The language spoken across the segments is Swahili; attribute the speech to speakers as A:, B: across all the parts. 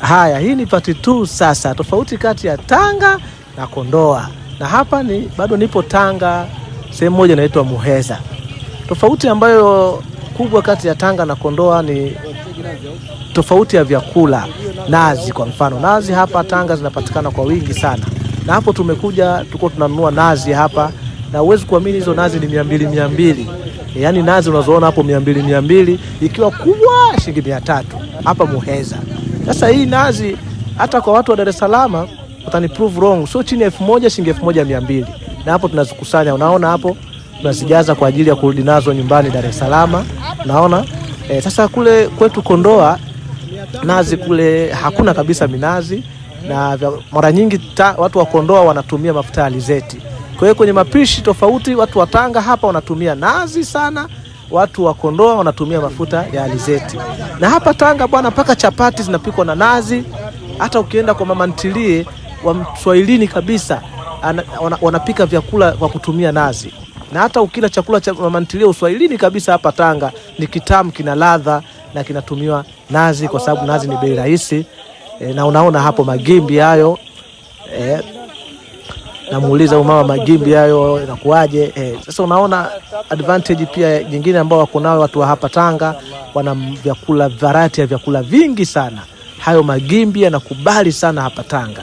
A: Haya, hii ni pati tu. Sasa tofauti kati ya Tanga na Kondoa, na hapa ni bado nipo Tanga, sehemu moja inaitwa Muheza. Tofauti ambayo kubwa kati ya Tanga na Kondoa ni tofauti ya vyakula. Nazi kwa mfano, nazi hapa Tanga zinapatikana kwa wingi sana, na hapo tumekuja tuko tunanunua nazi hapa, na uwezi kuamini hizo nazi ni mia mbili mia mbili yaani nazi unazoona hapo mia mbili mia mbili ikiwa kubwa shilingi mia tatu hapa Muheza. Sasa hii nazi hata kwa watu wa Dar es Salaam prove wrong, sio chini ya elfu moja shilingi elfu moja mia mbili na hapo tunazikusanya, unaona hapo tunazijaza kwa ajili ya kurudi nazo nyumbani Dar es Salaam, unaona e. Sasa kule kwetu Kondoa nazi kule hakuna kabisa minazi, na mara nyingi ta, watu wa Kondoa wanatumia mafuta ya alizeti. Kwa hiyo kwenye mapishi tofauti, watu wa Tanga hapa wanatumia nazi sana watu wa Kondoa wanatumia mafuta ya alizeti, na hapa Tanga bwana, mpaka chapati zinapikwa na nazi. Hata ukienda kwa mama ntilie wa mswahilini kabisa wana, wanapika vyakula kwa kutumia nazi, na hata ukila chakula cha mama ntilie uswahilini kabisa hapa Tanga ni kitamu, kina ladha na kinatumiwa nazi, kwa sababu nazi ni bei rahisi. E, na unaona hapo magimbi hayo e, namuuliza huyu mama magimbi hayo inakuaje? Eh, sasa unaona advantage pia nyingine ambao wako nao watu wa hapa Tanga, wana vyakula variety ya vyakula vingi sana. Hayo magimbi yanakubali sana hapa Tanga.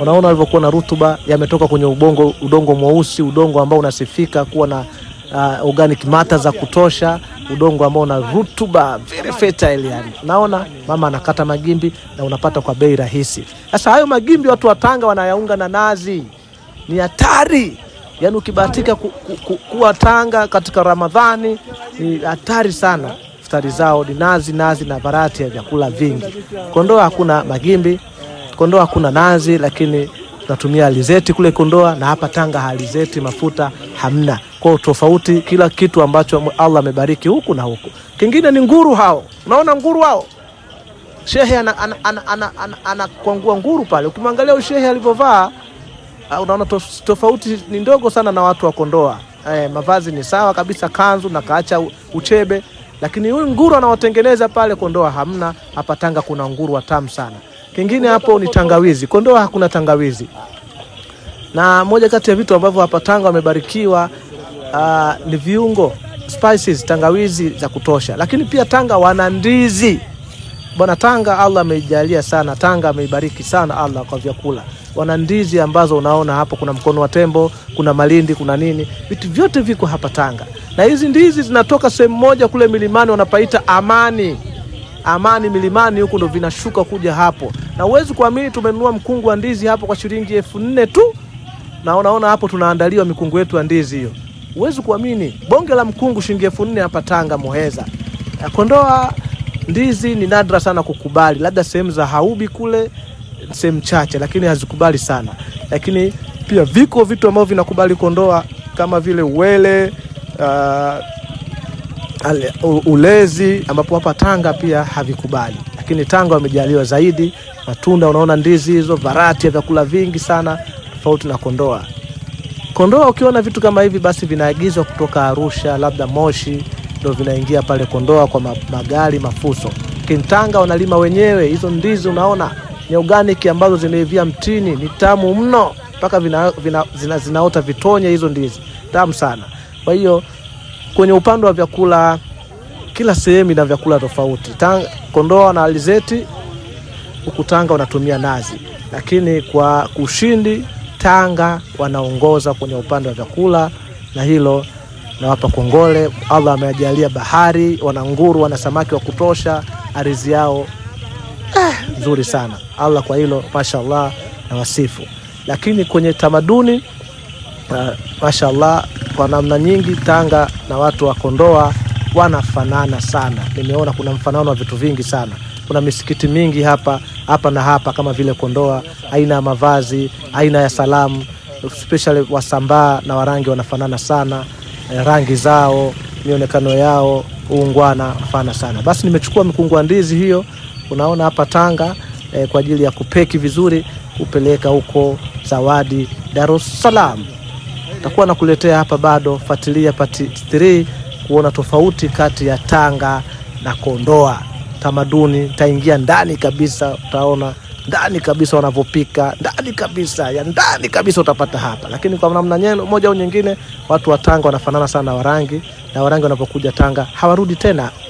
A: Unaona alivyokuwa na rutuba, yametoka kwenye ubongo, udongo mweusi, udongo ambao unasifika kuwa na uh, organic matter za kutosha udongo ambao una rutuba very fertile yani. Naona mama anakata magimbi na unapata kwa bei rahisi. Sasa hayo magimbi watu wa Tanga wanayaunga na nazi, ni hatari yani. Ukibahatika ku, ku, ku, kuwa Tanga katika Ramadhani ni hatari sana. Futari zao ni nazi, nazi na barati ya vyakula vingi. Kondoa hakuna magimbi, Kondoa hakuna nazi, lakini tunatumia alizeti kule Kondoa na hapa Tanga alizeti mafuta hamna. Kwa tofauti kila kitu ambacho Allah amebariki huku na huku. Kingine ni nguru hao. Unaona nguru hao? Shehe anakwangua ana, ana, ana, ana, ana nguru pale. Ukimwangalia shehe alivyovaa ah, unaona tofauti ni ndogo sana na watu wa Kondoa. Eh, mavazi ni sawa kabisa, kanzu na kaacha uchebe, lakini huyu nguru anawatengeneza pale Kondoa hamna. Hapa Tanga kuna nguru watamu sana. Kingine hapo ni tangawizi. Kondoa hakuna tangawizi, na moja kati ya vitu ambavyo hapa Tanga wamebarikiwa uh, ni viungo spices, tangawizi za kutosha, lakini pia Tanga wana ndizi bwana. Tanga Allah ameijalia sana, Tanga ameibariki sana Allah kwa vyakula wana ndizi ambazo unaona hapo, kuna mkono wa tembo, kuna malindi, kuna nini, vitu vyote viko hapa Tanga, na hizi ndizi zinatoka sehemu moja kule milimani, wanapaita Amani. Amani milimani huko ndo vinashuka kuja hapo na uwezi kuamini tumenunua mkungu wa ndizi hapo kwa shilingi elfu nne tu, na unaona hapo tunaandaliwa mikungu yetu ya ndizi hiyo. Uwezi kuamini bonge la mkungu shilingi elfu nne hapa Tanga Muheza. Kondoa ndizi ni nadra sana kukubali, labda sehemu za Haubi kule sehemu chache, lakini hazikubali sana. Lakini pia viko vitu ambavyo vinakubali Kondoa kama vile Uwele uh, Ulezi ambapo hapa Tanga pia havikubali lakini Tanga wamejaliwa zaidi matunda. Unaona ndizi hizo, varati ya vyakula vingi sana tofauti na Kondoa. Kondoa ukiona vitu kama hivi, basi vinaagizwa kutoka Arusha, labda Moshi, ndo vinaingia pale Kondoa kwa magari mafuso. Lakini Tanga wanalima wenyewe hizo ndizi, unaona ni organic ambazo zimeivia mtini, ni tamu mno mpaka vina, vina, zina, zinaota vitonye hizo ndizi tamu sana. Kwa hiyo kwenye upande wa vyakula, kila sehemu ina vyakula tofauti Tanga Kondoa na alizeti, huku Tanga wanatumia nazi, lakini kwa ushindi Tanga wanaongoza kwenye upande wa vyakula, na hilo nawapa kongole. Allah amewajalia bahari, wana nguru, wana samaki wa kutosha, ardhi yao eh, nzuri sana. Allah kwa hilo mashallah, na wasifu. Lakini kwenye tamaduni uh, mashallah, kwa namna nyingi Tanga na watu wa Kondoa wanafanana sana. Nimeona kuna mfanano wa vitu vingi sana. Kuna misikiti mingi hapa hapa na hapa, kama vile Kondoa, aina ya mavazi, aina ya salamu, especially Wasambaa na Warangi wanafanana sana, eh, rangi zao, mionekano yao, uungwana fana sana. Basi nimechukua mikungu wa ndizi hiyo unaona hapa Tanga eh, kwa ajili ya kupeki vizuri kupeleka huko Zawadi Dar es Salaam. Takuwa nakuletea hapa bado, fuatilia pati 3 kuona tofauti kati ya Tanga na Kondoa. Tamaduni taingia ndani kabisa, utaona ndani kabisa wanavyopika ndani kabisa ya ndani kabisa utapata hapa, lakini kwa namna nyingine moja au nyingine, watu wa Tanga wanafanana sana na Warangi, na Warangi wanapokuja Tanga hawarudi tena.